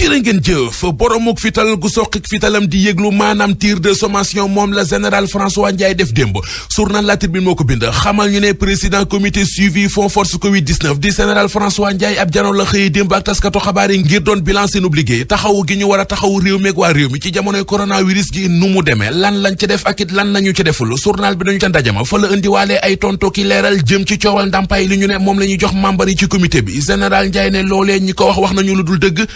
jërë ngeen jëf boromuk fital gu soqik fitalam di yëglu maanaam tir de sommation moom la général François Ndiaye def démb journal La Tribune moo ko bind xamal ñu ne président comité suivi fond force covid 19 di général François Ndiaye ab jano la xëy démb ak taskatu xabaar yi ngir doon bilan seenub liggéey taxawu gi ñu war taxawu réew meeg waa réew mi ci jamonoy coronavirus gi nu mu demee lan lañ ci def ak lan lañu ci deful journal bi la indiwaalee ay tonto ki leeral jëm ci la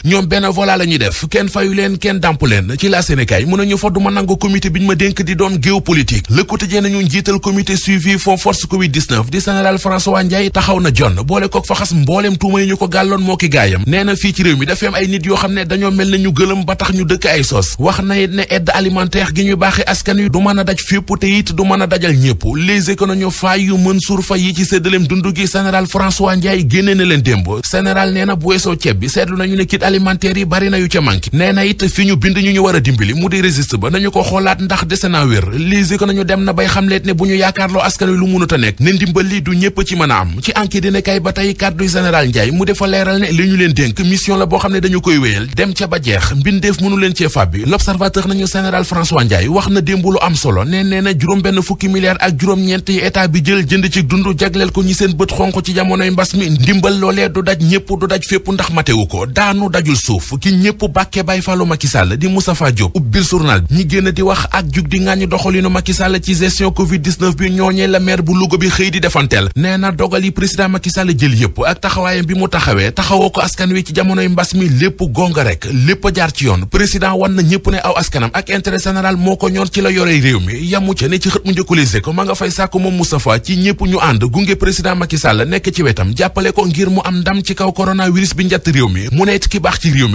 ñuy nañu voilà la ñuy def kenn fayu leen kenn dàmp leen ci la Sénégal mën nañu fodd ma nangu comité bi ñu ma dénk di doon géopolitique Le Quotidien nañu njiital comité suivi fond force covid 19 di général François Ndiaye taxaw na jon boole kook faxas mbooleem tuuma yi ñu ko gàlloon moo ki gaayam nee na fii ci réew mi dafa ay nit yoo xam ne dañoo mel na ñu gëlëm ba tax ñu dëkk ay sos wax na it ne aide alimentaire gi ñu baaxee askan wi du mën a daj fépp te it du mën a dajal ñëpp les économies faay yu Mansour Faye yi ci séddaleem dund gi général François Ndiaye génnee na leen démb général nee na bu weesoo ceeb bi seetlu nañu ne kit alimentaire yi yi bari na yu ca manqué nee it fi ñu bind ñu ñu war a mu di registre ba nañu ko xoolaat ndax dese naa wér lisi ko nañu dem na bay xamleet ne bu ñu yaakaar askan wi lu munut a nekk ne ndimbal li du ñëpp ci mën a am ci enquête dina kay ba tey kàddu général Ndiaye mu defa leeral ne li ñu leen dénk mission la boo xam ne dañu koy wéyal dem ca ba jeex mbindeef mënu leen cee fab bi l'observateur nañu général François Ndiaye wax na démb lu am solo ne nee na juróom benn fukki milliards ak juróom-ñeent yi bi jël jënd ci dund jagleel ko ñi seen bët xonq ci jamonoy mbas mi ndimbal loolee du daj ñëpp du daj fépp ndax matewu ko daanu dajul suuf ki ñëpp bàkkee bay fàllu Macky Sall di Moustapha Diop ubbil journal ñi génn di wax ak jug di ŋàññi doxalinu Macky Sall ci gestion covid 19 bi ñooñee la maire bu Louga bi xëy di defanteel nee na dogal yi président Macky Sall jël yëpp ak taxawaayam bi mu taxawee taxawoo ko askan wi ci jamonoy mbas mi lépp gonga rek lépp jaar ci yoon président wan na ñëpp ne aw askanam ak intérêt général moo ko ñor ci la yoree réew mi yamu ca ne ci xët mu njëkkulisé ko ma nga fay sàkk moom Moustapha ci ñëpp ñu ànd gunge président Macky Sall nekk ci wetam jàppale ko ngir mu am ndam ci kaw coronavirus bi mi mu ne ki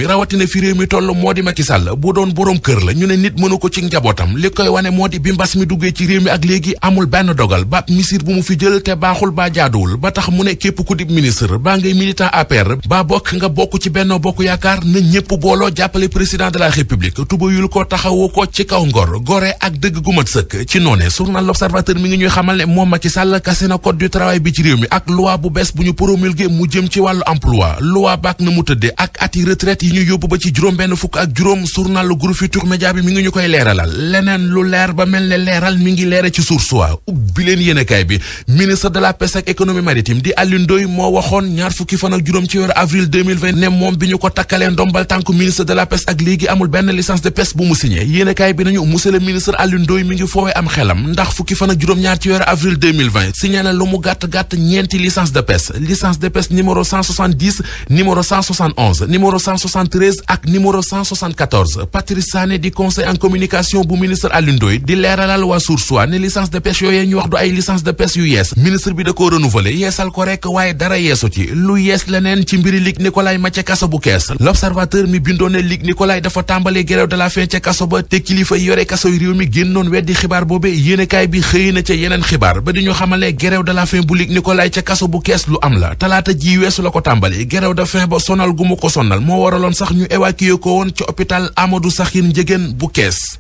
rawatina fi réew mi toll moo di Macky Sall bu doon borom kër la ñu ne nit mënu ko ci njabootam li koy wane moo di bi mbas mi duggee ci réew mi ak léegi amul benn dogal ba misir bu mu fi jël te baaxul baa jaaduwul ba tax mu ne képp ku di ministre baa ngay militant APR baa bokk nga bokk ci Benno Bokk Yaakaar na ñépp booloo jàppale président de la république tubayul ko taxawu ko ci kaw ngor gore ak dëgg gu mat sëkk ci noone journal L'Observateur mi ngi ñuy xamal ne moom Macky Sall kase na code du travail bi ci réew mi ak loi bu bees bu ñu promulgué mu jëm ci wàllu emploi loi baak na mu tëdde ak at ati yi yi ñu yóbbu ba ci juróom benn fukk ak juróom journal le groupe Futurs bi mi ngi ñu koy leeralal leneen lu leer ba mel ne leeral mi ngi leere ci source wa ubbi leen yéenekaay bi ministre de la pêche ak économie maritime di Alioune moo waxoon ñaar fukki fan ak juróom ci weeru avril ne moom bi ñu ko takkalee ndombal tànk ministre de la pêche ak léegi amul benn licence de pêche bu mu signé yéenekaay bi nañu monsieur ministre Alioune Ndoye ngi foowee am 173 ak numéro 174 di conseil en communication bu ministre Alioune di leeralal waa Source ne licence de pêche yooyee ñu wax du ay licence de pêche yu yees ministre bi da koo renouveler yeesal ko rek waaye dara yeesu ci lu yees leneen ci mbiri Luc Nicolaï ma ca kaso bu kees l'observateur mi bindoon ne Luc dafa tàmbalee grève de la faim ca kaso ba te kilifa yore kaso yu mi génnoon weddi xibaar boobee yéenekaay bi xëy na ca yeneen xibaar sax ñu évacué ko woon ci hôpital sax Sakhir Ndiéguène bu Kees